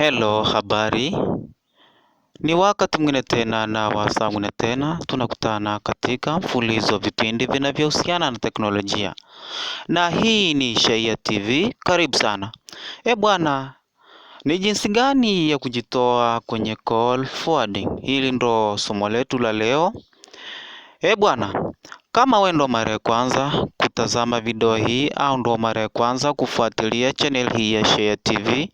Hello, habari. Ni wakati mwingine tena na wasaa mwingine tena tunakutana katika mfululizo wa vipindi vinavyohusiana na teknolojia, na hii ni Shayia TV. Karibu sana. E bwana, ni jinsi gani ya kujitoa kwenye call forwarding? Hili ndo somo letu la leo. E bwana, kama wewe ndo mara ya kwanza unatazama video hii au ndo mara ya kwanza kufuatilia channel hii ya Shayia TV,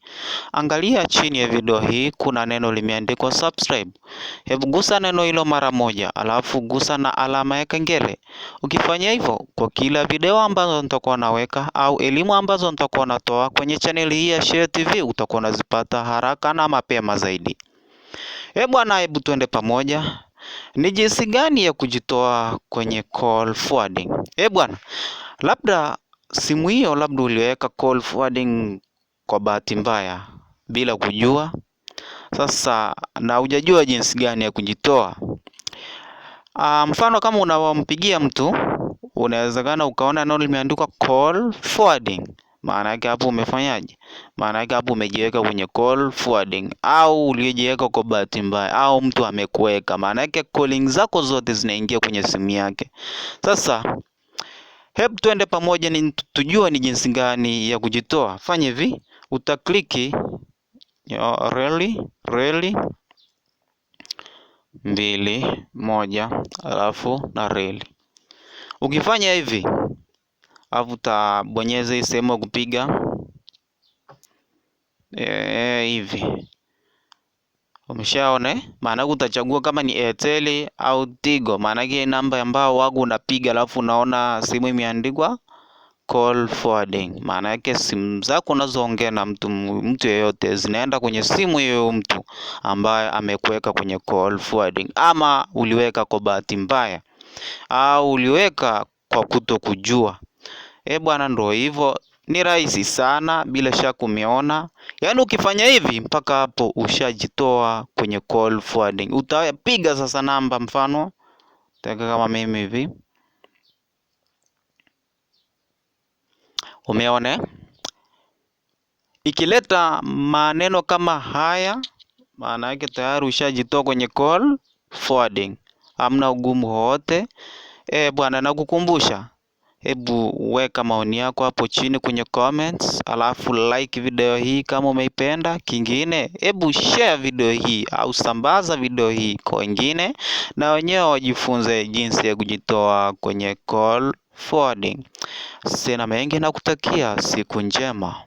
angalia chini ya video hii kuna neno limeandikwa subscribe. Hebu gusa neno hilo mara moja, alafu gusa na alama ya kengele. Ukifanya hivyo, kwa kila video ambazo nitakuwa naweka au elimu ambazo nitakuwa natoa kwenye channel hii ya Shayia TV utakuwa unazipata haraka na mapema zaidi. E bwana, hebu tuende pamoja. Ni jinsi gani ya kujitoa kwenye call forwarding? Eh bwana, Labda simu hiyo labda uliweka call forwarding kwa bahati mbaya bila kujua. Sasa na hujajua jinsi gani ya kujitoa. Uh, mfano kama unawampigia mtu unawezekana ukaona neno limeandikwa call forwarding. Maana yake hapo umefanyaje? Maana yake hapo umejiweka kwenye call forwarding au uliyejiweka kwa bahati mbaya au mtu amekuweka. Maana yake calling zako zote zinaingia kwenye simu yake. Sasa Hebu tuende pamoja ni tujue ni jinsi gani ya kujitoa. fanye hivi, utakliki reli reli mbili moja, alafu na reli. Ukifanya hivi, alafu utabonyeza hii sehemu ya kupiga eh, hivi Umeshaona eh? Maanake utachagua kama ni Airtel au Tigo, maanake namba ambao wagu unapiga, alafu unaona simu imeandikwa call forwarding, yake simu zako unazoongea na mtu mtu yeyote zinaenda kwenye simu hiyo mtu ambaye amekuweka kwenye call forwarding, ama uliweka kwa bahati mbaya au uliweka kwa kuto kujua. Eh bwana, ndo hivyo ni rahisi sana bila shaka umeona. Yaani ukifanya hivi mpaka hapo ushajitoa kwenye call forwarding. Utapiga sasa namba mfano taka kama mimi hivi. Umeona? Eh? Ikileta maneno kama haya maana yake tayari ushajitoa kwenye call forwarding. amna ugumu wowote. Eh, bwana nakukumbusha Hebu weka maoni yako hapo chini kwenye comments, alafu like video hii kama umeipenda. Kingine, hebu share video hii au sambaza video hii kwa wengine, na wenyewe wajifunze jinsi ya kujitoa kwenye call forwarding. Sina mengi na kutakia siku njema.